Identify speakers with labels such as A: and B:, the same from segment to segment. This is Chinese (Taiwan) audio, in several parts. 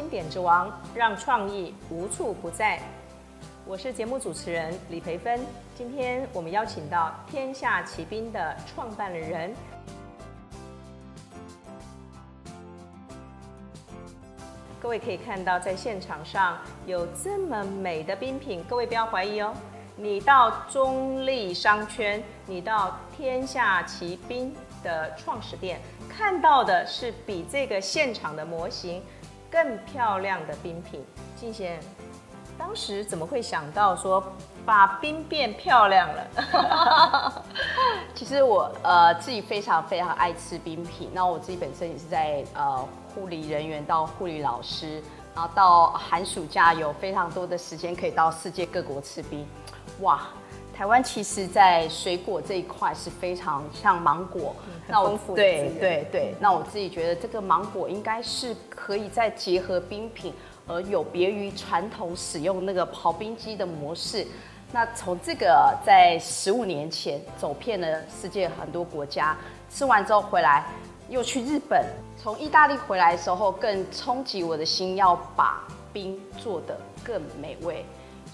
A: 經典之王，讓創意無處不在。我是節目主持人李培芬。今天我們邀請到天下奇冰的創辦人。各位可以看到，在現場上有這麼美的冰品，各位不要懷疑哦。你到中立商圈，你到天下奇冰的創始店看到的是比這個現場的模型。更漂亮的冰品，靜賢，當時怎麼會想到說把冰變漂亮了？
B: 其實我呃自己非常非常愛吃冰品，那我自己本身也是在呃護理人員到護理老師，然後到寒暑假有非常多的時間可以到世界各國吃冰，哇！台灣其實，在水果這一塊是非常像芒果，嗯、很豐富，那我對對對，那我自己覺得這個芒果應該是可以再結合冰品，而有別於傳統使用那個刨冰機的模式。那從這個在十五年前走遍了世界很多國家，吃完之後回來又去日本，從意大利回來的時候，更衝擊我的心，要把冰做得更美味。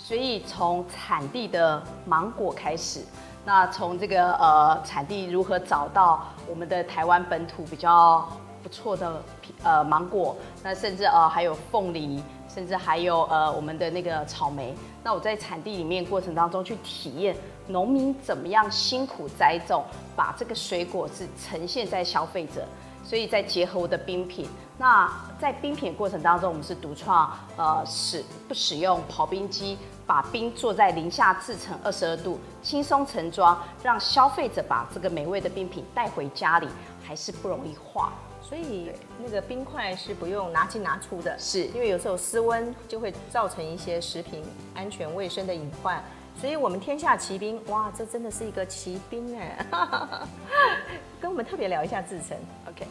B: 所以從產地的芒果開始，那從這個呃產地如何找到我們的台灣本土比較不錯的品呃芒果，那甚至呃還有鳳梨，甚至還有呃我們的那個草莓，那我在產地裡面過程當中去體驗農民怎麼樣辛苦栽種，把這個水果是呈現在消費者，所以在結合我的冰品，那在冰品過程當中我們是獨創呃使不使用刨冰機。把冰做在零下製程二十二度，輕鬆盛裝，讓消費者把這個美味的冰品帶回家裡，還是不容易化。
A: 所以那個冰塊是不用拿進拿出的，是因為有時候室溫就會造成一些食品安全衛生的隱患。所以，我們天下奇冰，哇，這真的是一個奇冰哎、欸！ 跟我們特別聊一下製程，OK。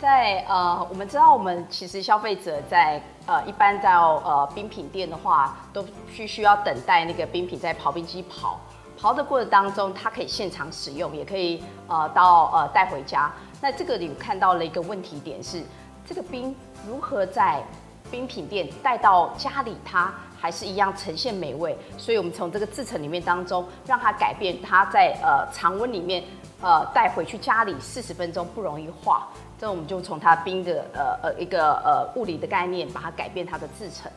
B: 在呃，我們知道我們其實消費者在呃，一般到呃冰品店的話，都需需要等待那個冰品在刨冰機刨。刨的過程當中，它可以現場使用，也可以呃到呃帶回家。那這個你看到了一個問題點是，這個冰如何在冰品店帶到家裡，它還是一樣呈現美味？所以我們從這個製程裡面當中，讓它改變它在呃常溫裡面呃帶回去家裡四十分鐘不容易化。這我們就從它冰的呃呃一個呃物理的概念，把它改變它的製程。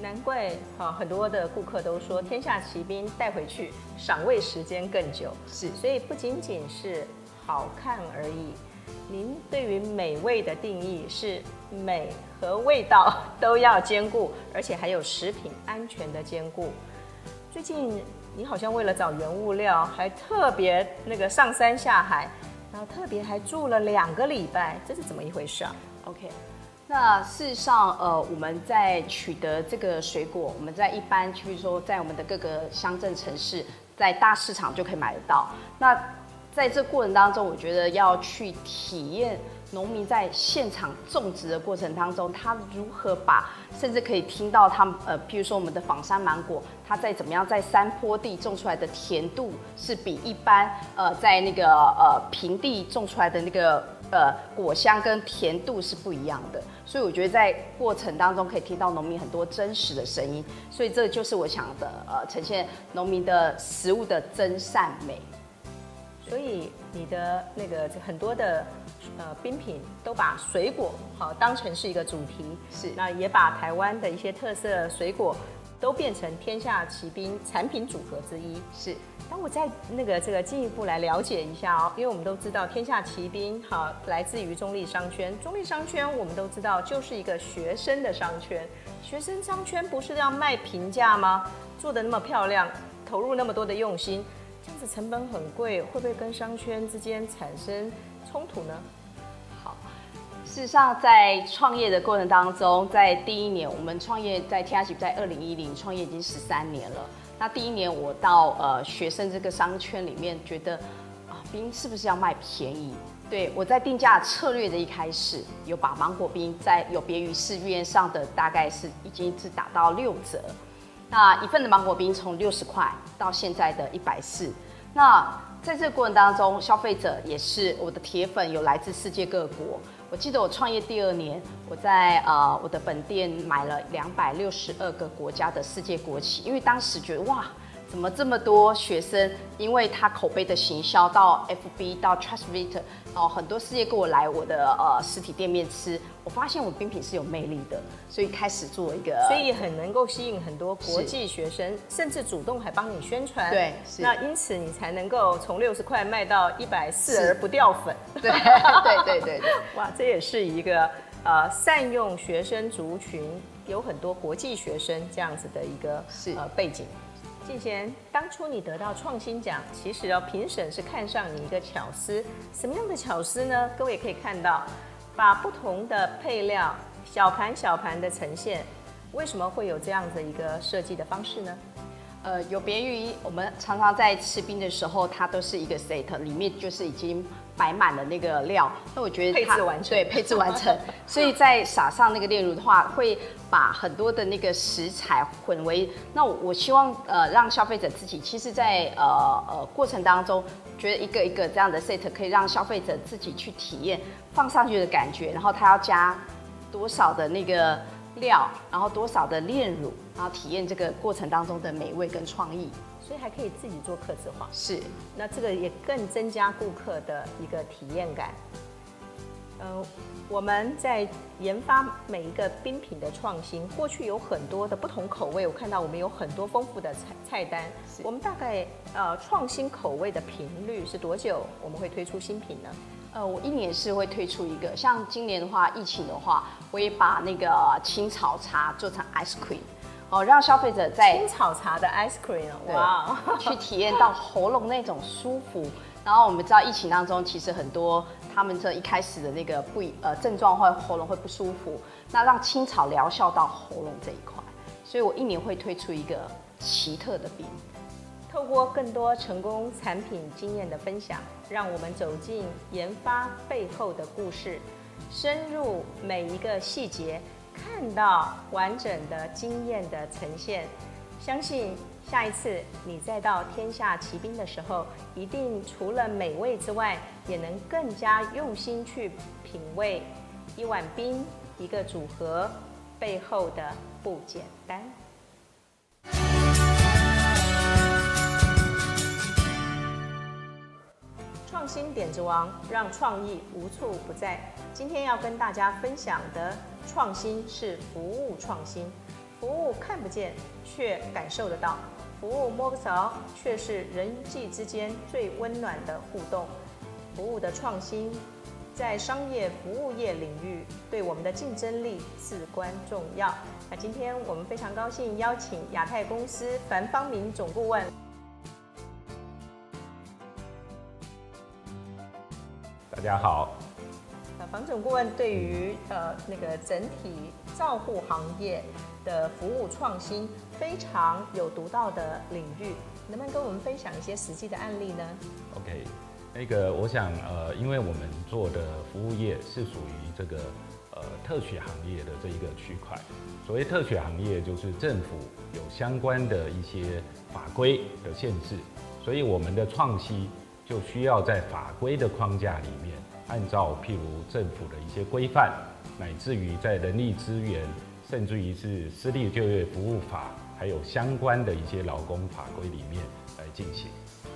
A: 難怪哈、啊，很多的顧客都說天下奇冰帶回去，賞味時間更久。是，所以不僅僅是好看而已。您對於美味的定義是美和味道都要兼顧，而且還有食品安全的兼顧。最近你好像為了找原物料，還特別那個上山下海，然後特別還住了兩個禮拜，這是怎麼一回事啊？OK，
B: 那事實上，呃，我們在取得這個水果，我們在一般，就是說在我們的各個鄉鎮城市，在大市場就可以買得到。那在這過程當中，我覺得要去體驗。農民在現場種植的過程當中，他如何把，甚至可以聽到他們，呃，譬如說我們的枋山芒果，它在怎麼樣在山坡地種出來的甜度是比一般，呃，在那個呃平地種出來的那個呃果香跟甜度是不一樣的。所以我覺得在過程當中可以聽到農民很多真實的聲音，所以這就是我想的，呃，呈現農民的食物的真善美。
A: 所以你的那個很多的，呃，冰品都把水果好當成是一個主題，是，那也把台灣的一些特色水果都變成天下奇冰產品組合之一。是，那我再那個這個進一步來了解一下哦，因為我們都知道天下奇冰好來自於中壢商圈，中壢商圈我們都知道就是一個學生的商圈，學生商圈不是要賣平價嗎？做得那麼漂亮，投入那麼多的用心，這樣子成本很貴，會不會跟商圈之間產生？衝突呢？好，
B: 事實上，在創業的過程當中，在第一年，我們創業在天下在二零一零創業已經十三年了。那第一年，我到呃學生這個商圈裡面，覺得啊冰是不是要賣便宜？對我在定價策略的一開始，有把芒果冰在有別於市面上的，大概是已經是打到六折。那一份的芒果冰從六十塊到現在的一百四，那。在這個過程當中，消費者也是我的鐵粉，有來自世界各國。我記得我創業第二年，我在呃我的本店買了兩百六十二個國家的世界國旗，因為當時覺得哇。怎麼這麼多學生？因為他口碑的行銷到 FB 到 TrustVita 哦，很多事業跟我來我的呃實體店面吃，我發現我冰品是有魅力的，所以開始做一個，所以很能夠吸引很多國際學生，是甚至主
A: 動還幫你宣傳。對，是。那因此你才能夠從六十塊賣到一百四而不掉粉。對， 對，對對對對，哇，這也是一個、呃、善用學生族群，有很多國際學生這樣子的一個是呃背景。進賢，當初你得到創新獎，其實要評審是看上你一個巧思。什麼樣的巧思呢？各位可以看到，把不同的配料小盤
B: 小盤的呈現，為什麼會有這樣子一個設計的方式呢？呃，有別於我們常常在吃冰的時候，它都是一個 set，裡面就是已經。擺滿了那個料，那我覺得它配置完成，對，配置完成。嗎所以在撒上那個煉乳的話，會把很多的那個食材混為。那我,我希望呃讓消費者自己，其實在呃呃過程當中，覺得一個一個這樣的 set 可以讓消費者自己去體驗放上去的感覺，然後他要加多少的那個料，然後多少的煉乳，然後體驗這個過程當中的美味跟創意。所以還可以自己做客製化，是。那這個也更增加顧客的一
A: 個體驗感。嗯、呃、我們在研發每一個冰品的創新，過去有很多的不同口味，我看到我們有很多豐富的菜菜單。是我們大概呃創新口味的頻率是多久？我們會推出新
B: 品呢？呃，我一年是會推出一個。像今年的話，疫情的話，我也把那個青草茶做成 ice cream。哦，讓消費者在青草茶的 ice cream，哇對，Wow 去體驗到喉嚨那種舒服。 然後我們知道疫情當中，其實很多他們這一開始的那個不呃症狀會喉嚨會不舒服，那讓青草療效到喉嚨這一塊。所以我一年會推出一個奇特的冰，
A: 透過更多成功產品經驗的分享，讓我們走進研發背後的故事，深入每一個細節。看到完整的經驗的呈現，相信下一次你再到天下奇冰的時候，一定除了美味之外，也能更加用心去品味一碗冰、一個組合背後的不簡單。創新點子王，讓創意無處不在。今天要跟大家分享的。創新是服務創新，服務看不見卻感受得到，服務摸不着卻是人際之間最溫暖的互動。服務的創新在商業服務業領域對我們的競爭力至關重要。那今天我們非常高興邀請亞太公司樊方明總顧問。
C: 大家好。
A: 房總顧問對於呃那個整體照護行業的服務創新非常有獨到的領域，能不能跟我們分享一些實際的案例呢
C: ？OK，那個我想呃，因為我們做的服務業是屬於這個呃特許行業的這一個區塊，所謂特許行業就是政府有相關的一些法規的限制，所以我們的創新就需要在法規的框架裡面。按照譬如政府的一些規範，乃至於在人力資源，甚至於是私立就業服務法，還有相關的一些勞工法規裡面來進行。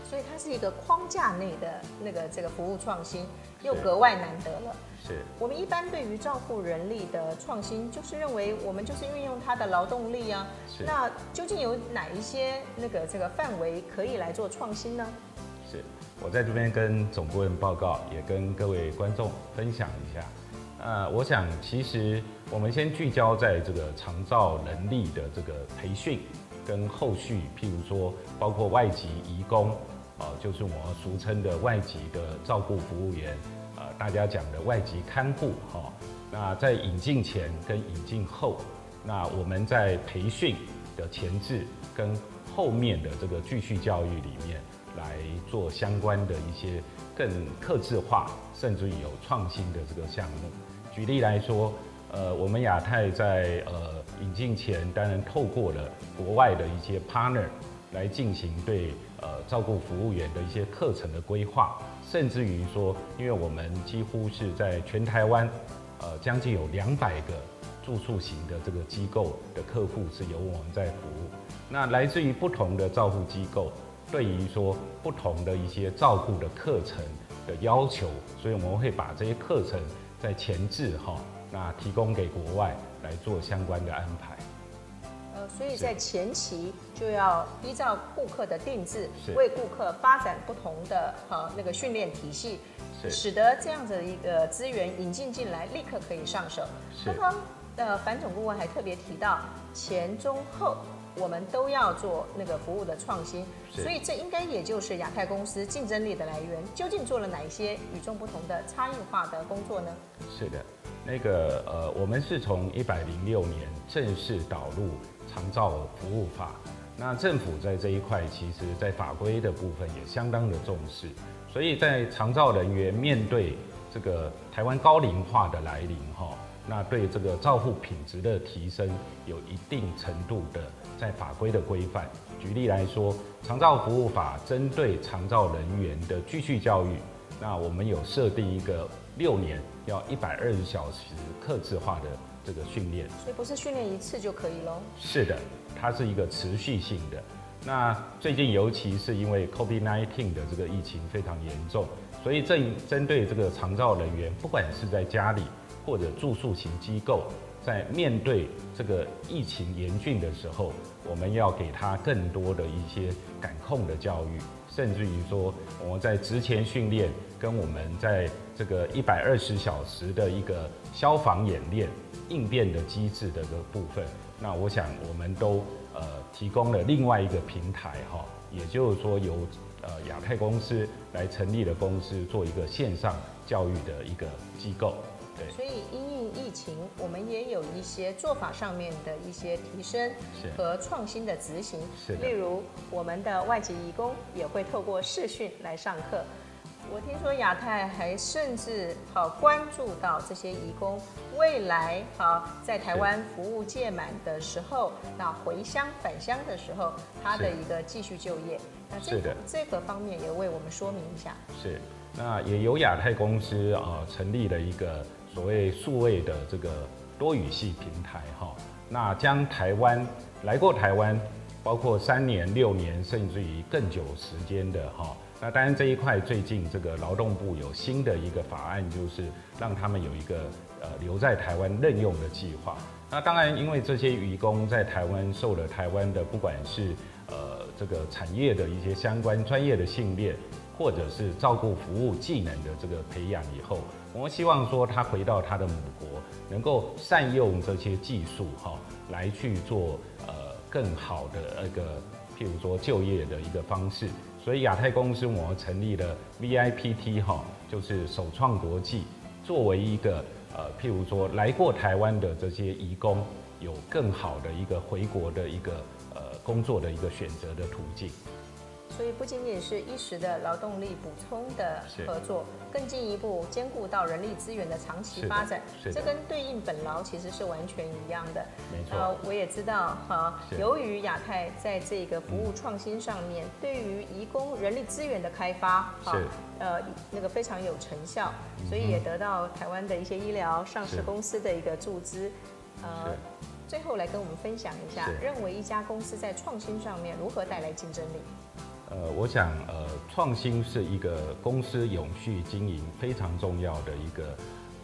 A: 所以它是一個框架內的那個這個服務創新，又格外難得了。是我們一般對於照顧人力的創新，就是認為我們就是運用它的勞動力啊。是那究竟有哪一些那個這個範圍可以來做創新呢？
C: 我在這邊跟總顧問報告，也跟各位觀眾分享一下。呃，我想其實我們先聚焦在這個長照能力的這個培訓，跟後續，譬如說包括外籍移工，哦，就是我們俗稱的外籍的照顧服務員，呃，大家講的外籍看護，哈。那在引進前跟引進後，那我們在培訓的前置跟後面的這個繼續教育裡面。來做相關的一些更客製化，甚至於有創新的這個項目。舉例來說，呃，我們亞太在呃引進前，當然透過了國外的一些 partner 來進行對呃照顧服務員的一些課程的規劃，甚至於說，因為我們幾乎是在全台灣，呃，將近有兩百個住宿型的這個機構的客戶是由我們在服務。那來自於不同的照顧機構。對於說不同的一些照顧的課程的要求，所以我們會把這些課程在前置哈，那提供給國外來做相關的安排。
A: 呃，所以在前期就要依照顧客的定制，是為顧客發展不同的哈、呃、那個訓練體系，是使得這樣子的一個資源引進進來，立刻可以上手。是剛剛的樊總顧問還特別提到前中後。我們都要做那個服務的創新，所以這應該也就是亞太公司競爭力的來源。究竟做了哪一些與眾不同的差異化的工作呢？
C: 是的，那個呃，我們是從一百零六年正式導入長照服務法，那政府在這一塊其實在法規的部分也相當的重視，所以在長照人員面對這個台灣高齡化的來臨哈。那對這個照護品質的提升有一定程度的在法規的規範。舉例來說，《長照服務法》針對長照人員的繼續教育，那我們有設定一個六年要一百二十小時客制化的這個訓練。所
A: 以不是訓練一次就可以咯。
C: 是的，它是一個持續性的。那最近，尤其是因為 COVID-19 的這個疫情非常嚴重，所以正針對這個長照人員，不管是在家裡。或者住宿型機構，在面對這個疫情嚴峻的時候，我們要給他更多的一些感控的教育，甚至於說我們在職前訓練跟我們在這個一百二十小時的一個消防演練應變的機制的個部分，那我想我們都呃提供了另外一個平台哈、哦，也就是說由呃亞太公司來成立的公司做一個線上教育的一個機構。所
A: 以因應疫情，我們也有一些做法上面的一些提升和創新的執行，是的例如我們的外籍移工也會透過視訊來上課。我聽說亞太還甚至好、哦、關注到這些移工未來好、哦、在台灣服務屆滿的時候，的那回鄉返鄉的時候他的一個繼續就業，那這個的這個方面也為我們說明一下。
C: 是，那也由亞太公司啊、哦、成立了一個。所謂數位的這個多語系平台，哈，那將台灣來過台灣，包括三年、六年，甚至於更久時間的，哈，那當然這一塊最近這個勞動部有新的一個法案，就是讓他們有一個呃留在台灣任用的計劃。那當然，因為這些移工在台灣受了台灣的不管是呃這個產業的一些相關專業的訓練。或者是照顧服務技能的這個培養以後，我們希望說他回到他的母國，能夠善用這些技術哈，來去做呃更好的一個，譬如說就業的一個方式。所以亞太公司我們成立了 VIPT 哈、哦，就是首創國際，作為一個呃譬如說來過台灣的這些移工，有更好的一個回國的一個呃工作的一個選擇的途徑。
A: 所以不僅僅是一時的勞動力補充的合作，更進一步兼顧到人力資源的長期發展，這跟對應本勞其實是完全一樣的。沒錯，呃，我也知道哈，由於亞太在這個服務創新上面，對於移工人力資源的開發哈，呃那個非常有成效，所以也得到台灣的一些醫療上市公司的一個注資。呃，最後來跟我們分享一下，認為一家公司在創新上面如何帶來競爭力？
C: 呃，我想，呃，創新是一個公司永續經營非常重要的一個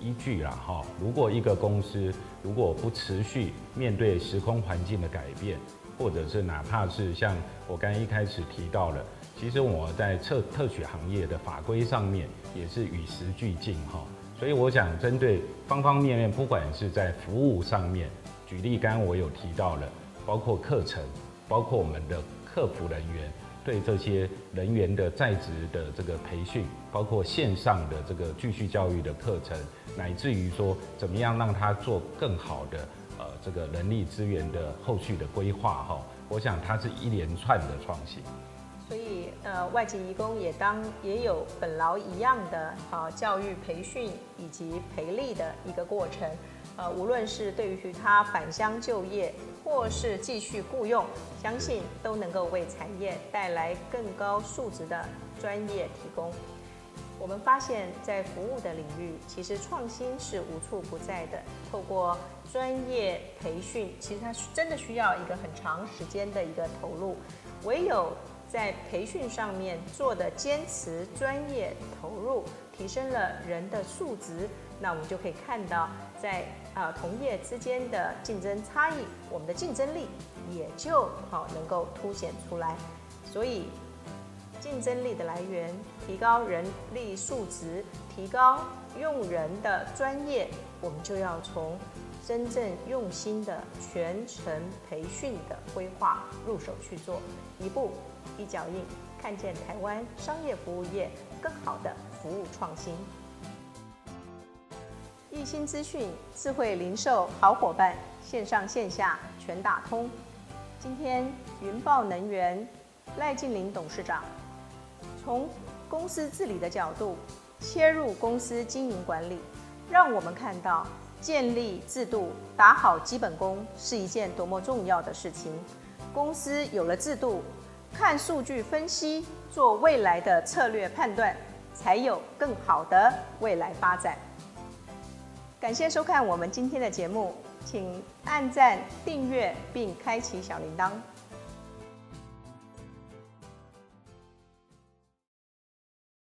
C: 依據啦，哈、哦。如果一個公司如果不持續面對時空環境的改變，或者是哪怕是像我剛才一開始提到了，其實我在特特許行業的法規上面也是與時俱進，哈、哦。所以我想針對方方面面，不管是在服務上面，舉例剛剛我有提到了，包括課程，包括我們的客服人員。對這些人員的在職的這個培訓，包括線上的這個繼續教育的課程，乃至於說怎麼樣讓他做更好的呃這個人力資源的後續的規劃哈，我想它是一連串的創新。
A: 所以呃外籍移工也當也有本勞一樣的啊、呃、教育培訓以及培力的一個過程，呃無論是對於他返鄉就業。或是繼續僱傭，相信都能夠為產業帶來更高素質的專業提供。我們發現，在服務的領域，其實創新是無處不在的。透過專業培訓，其實它真的需要一個很長時間的一個投入。唯有在培訓上面做的堅持、專業投入，提升了人的素質。那我們就可以看到，在啊同業之間的競爭差異，我們的競爭力也就好能夠凸顯出來。所以，競爭力的來源，提高人力素質，提高用人的專業，我們就要從真正用心的全程培訓的規劃入手去做，一步一腳印，看見台灣商業服務業更好的服務創新。最新資訊，智慧零售好夥伴，線上線下全打通。今天雲豹能源賴靜林董事長從公司治理的角度切入公司經營管理，讓我們看到建立制度、打好基本功是一件多麼重要的事情。公司有了制度，看數據分析，做未來的策略判斷，才有更好的未來發展。感謝收看我們今天的節目，請按讚、訂閱並開啟小鈴鐺。